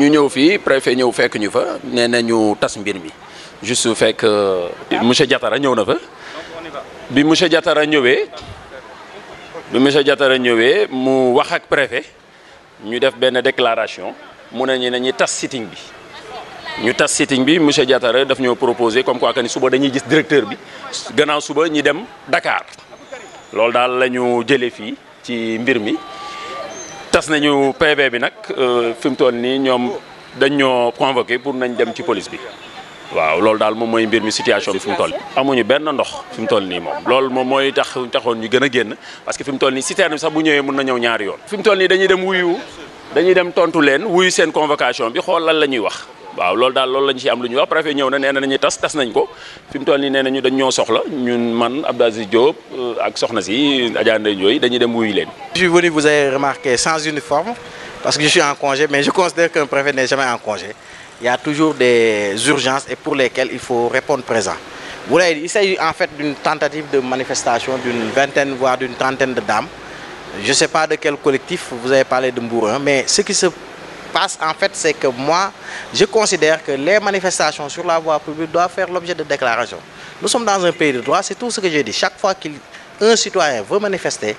Nous ñu ici, le préfet nous, fekk nous fa nous nañu tas mbir juste que euh, monsieur Diatara on bi monsieur Diatara nous bi monsieur Diatara nous mu wax ak nous ñu def une déclaration mu nous nous tas sitting bi ñu sitting bi Diatara proposé comme quoi que nous suba dañuy gis directeur bi nous suba ñi dem Dakar C'est daal que nous Nous ici, tas nañu PV bi nak euh mu toll ni ñom dañ ñoo pour nañ dem ci police bi waaw lool dal moom moy mbir mi situation bi toll amuñu benn ndox fi toll ni mom lool moom moy tax taxoon ñu gëna genn parce que fi toll ni citerne sax bu ñëwé mun na ñëw ñaar yoon fi toll ni dañuy dem wuyu dañuy dem tontu leen wuyu seen convocation bi xol lan lañuy wax je suis venu vous avez remarqué sans uniforme parce que je suis en congé mais je considère qu'un préfet n'est jamais en congé il y a toujours des urgences et pour lesquelles il faut répondre présent. Vous il s'agit en fait d'une tentative de manifestation d'une vingtaine voire d'une trentaine de dames. Je ne sais pas de quel collectif vous avez parlé de Mbourin, mais ce qui se passe, en fait, c'est que moi, je considère que les manifestations sur la voie publique doivent faire l'objet de déclarations. Nous sommes dans un pays de droit, c'est tout ce que j'ai dit. Chaque fois qu'un citoyen veut manifester,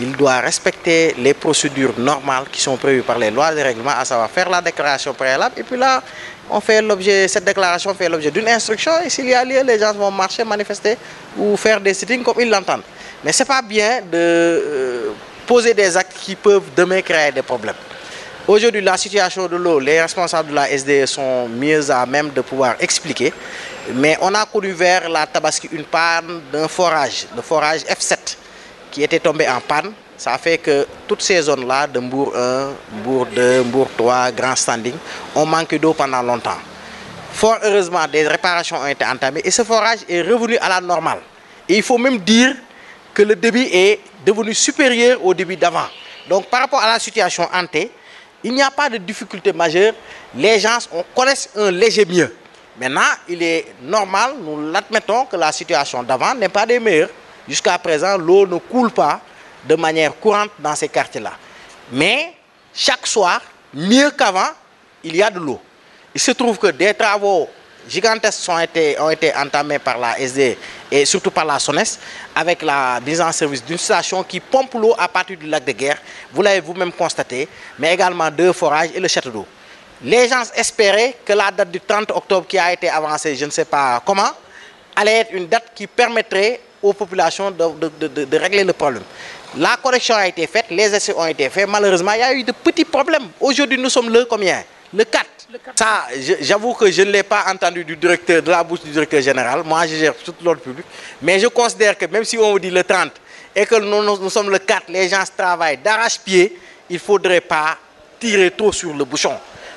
il doit respecter les procédures normales qui sont prévues par les lois et règlements, à savoir faire la déclaration préalable. Et puis là, on fait l'objet, cette déclaration fait l'objet d'une instruction et s'il y a lieu, les gens vont marcher, manifester ou faire des sit-ins comme ils l'entendent. Mais ce n'est pas bien de euh, poser des actes qui peuvent demain créer des problèmes. Aujourd'hui, la situation de l'eau, les responsables de la SDE sont mieux à même de pouvoir expliquer. Mais on a connu vers la Tabaski une panne d'un forage, le forage F7, qui était tombé en panne. Ça fait que toutes ces zones-là, de Mbour 1, Mbour 2, Mbour 3, Grand Standing, ont manqué d'eau pendant longtemps. Fort heureusement, des réparations ont été entamées et ce forage est revenu à la normale. il faut même dire que le débit est devenu supérieur au débit d'avant. Donc par rapport à la situation hantée, il n'y a pas de difficulté majeure. Les gens on connaissent un léger mieux. Maintenant, il est normal, nous l'admettons, que la situation d'avant n'est pas des meilleures. Jusqu'à présent, l'eau ne coule pas de manière courante dans ces quartiers-là. Mais chaque soir, mieux qu'avant, il y a de l'eau. Il se trouve que des travaux gigantesques ont été, ont été entamés par la SD et surtout par la SONES avec la mise en service d'une station qui pompe l'eau à partir du lac de guerre, vous l'avez vous-même constaté, mais également deux forages et le château d'eau. Les gens espéraient que la date du 30 octobre qui a été avancée, je ne sais pas comment, allait être une date qui permettrait aux populations de, de régler le problème. La correction a été faite, les essais ont été faits. Malheureusement, il y a eu de petits problèmes. Aujourd'hui, nous sommes le combien le 4. Ça, j'avoue que je ne l'ai pas entendu du directeur, de la bouche du directeur général. Moi, je gère tout l'ordre public. Mais je considère que même si on vous dit le 30 et que nous, sommes le 4, les gens se travaillent d'arrache-pied, il ne faudrait pas tirer trop sur le bouchon.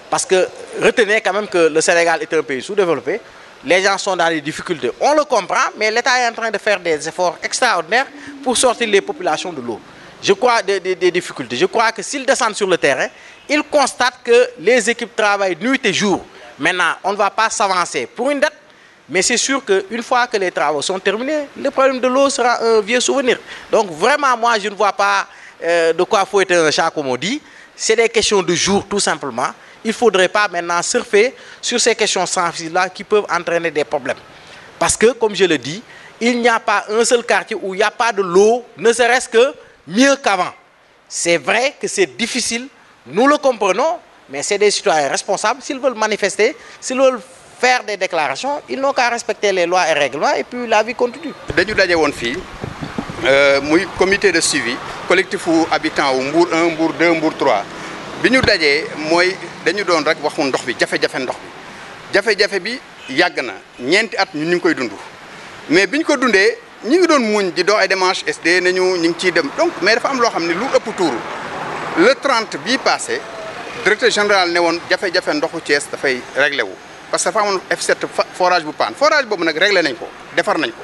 Parce que retenez quand même que le Sénégal est un pays sous-développé. Les gens sont dans des difficultés. On le comprend, mais l'État est en train de faire des efforts extraordinaires pour sortir les populations de l'eau. Je crois des difficultés. Je crois que s'ils descendent sur le terrain, il constate que les équipes travaillent nuit et jour. Maintenant, on ne va pas s'avancer pour une date, mais c'est sûr qu'une fois que les travaux sont terminés, le problème de l'eau sera un vieux souvenir. Donc vraiment, moi, je ne vois pas euh, de quoi faut être un chat, comme on dit. C'est des questions de jour, tout simplement. Il ne faudrait pas maintenant surfer sur ces questions sensibles-là qui peuvent entraîner des problèmes. Parce que, comme je le dis, il n'y a pas un seul quartier où il n'y a pas de l'eau, ne serait-ce que mieux qu'avant. C'est vrai que c'est difficile nous le comprenons, mais c'est des citoyens responsables. S'ils veulent manifester, s'ils veulent faire des déclarations, ils n'ont qu'à respecter les lois et règlements et puis la vie continue. nous daje woon fii euh, muy comité de suivi collectif wu habitants wu Mbour 1 Mbour 2 Mbour 3 nous ñu dajee mooy dañu doon rek waxu ndox bi jafe-jafe ndox bi jafe-jafe bi yàgg na at ñu ngi koy dund mais biñ ko dundé ñi ngi doon muñ di do ay démarches SD nañu ñi ngi dem donc mais dafa am lo xamni lu ëpp tuuru le 30 bi passé directeur général ne woon jafe-jafe ndoxu Thiès dafay réglé wu parce que dafa amoon F7 forage bu paan forage bobu nak réglé nañ ko défar nañ ko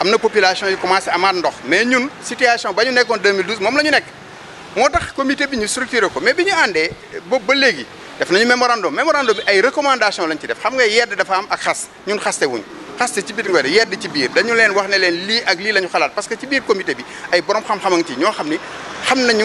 amna population yu commencé amaat ndox mais ñun situation bañu ñu 2012 mom lañu nek motax comité bi ñu structuré ko mais biñu andé àndee ba légui def nañu memorandum memorandum bi ay recommandation lañ ci def xam nga yedd dafa am ak xas ñun xasté wuñ xasté ci biir nga yedd ci biir dañu leen wax ne leen lii ak li lañu ñu xalaat parce que ci biir comité bi ay borom xam-xam a ci ño xamni xam nañu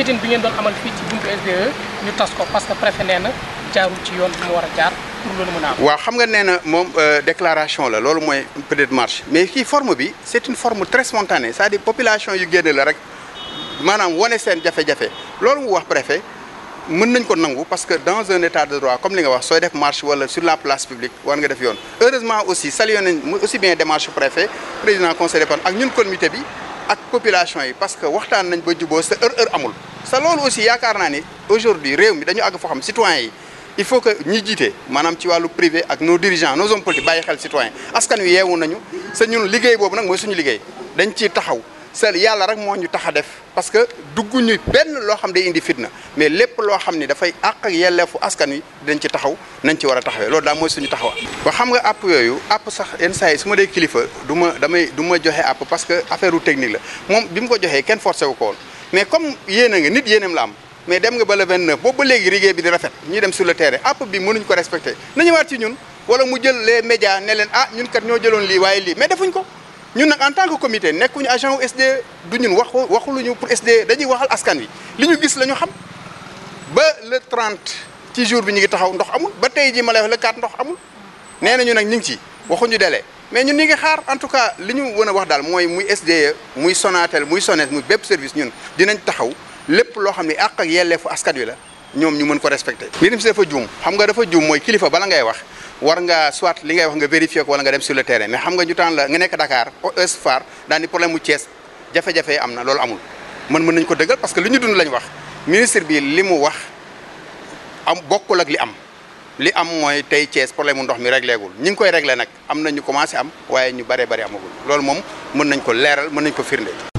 fitin bi ngeen doon amal fii ci buntu SDE ñu tass ko parce que préfet néna na ci yoon bi mu war jaar pour loolu mëna a am. xam nga néna mom euh, déclaration la lolu moy peut-être marche mais kii forme bi c'est une forme très spontanée c'est-à-dire population yu génn la rek manam woné sen jafé jafé lolu mu wax préfet. mën nañ ko nangu parce que dans un état de droit comme li nga wax soy def marche wala sur la place publique war nga def yoon heureusement aussi salué nañ aussi bien démarche préfet président conseil départemental ak ñun comité bi ak population yi parce que waxtaan nañ ba juboo sa heure heure amul sa loolu aussi yakarna ni aujourd'hui réew mi dañu ag fo xam citoyens il faut que ñi jité manam ci walu privé ak nos dirigeants nos hommes politiques baye xel citoyen askan wi yewu nañu sa ñun liggéey bobu nak moy suñu liggéey dañ ci taxaw sa yalla rek moo ñu tax def parce que duggu ñu benn lo xam day indi fitna mais lepp lo xam ni da fay ak ak yelleefu askan wi dañ ci taxaw nañ ci wara a taxawee loolu daal mooy suñu taxawa ba xam nga app yoyu app sax en say suma day ma dee kilifa du damay duma ma joxe àpp parce que affaire technique la mom bimu ko joxee ken forcé wu ko mais comme yéene nga nit yéeneem la am mais dem nga ba le 29 boobu ba léegi liggéey bi di rafet ñuy dem su le terrain app bi mënuñ ko respecté nañu waat ci ñun wala mu jël les médias ne leen ah ñun kat ñoo jëloon lii waaye lii mais defuñ ko ñun nag en tant que comité nekkuñu agent wu SDE du ñun waxu waxuluñu pour SDE dañuy waxal askan wi li ñu gis la ñu xam ba le trente ci jour bi ñu ngi taxaw ndox amul ba tey jii ma lay wax le 4 ndox amul nee nañu nag ñu ngi ci waxuñu délai mais ñun ñi ngi xaar en tout cas li ñu mën a wax daal mooy muy SDE muy Sonatel muy SONES muy bépp service ñun dinañ taxaw lépp loo xam ne àq ak yelleefu askan wi la ñoom ñu mën ko respecté mbirum si dafa juum xam nga dafa juum mooy kilifa bala ngay wax war nga soit li ngay wax nga vérifier ko wala nga dem sur le terrain mais xam nga ñu taan nga nekk Dakar Ouest Foire daal ni problème mu Thiès jafe-jafe am na loolu amul mën mën nañ ko dëggal parce que li ñu dund lañ wax ministre bi li mu wax am bokkul ak li am li am mooy tey Thiès problème mu ndox mi réglé gul ñi ngi koy réglé nag am na ñu commencé am waaye ñu bare bari amagul loolu moom mën nañ ko leeral mën nañ ko firnde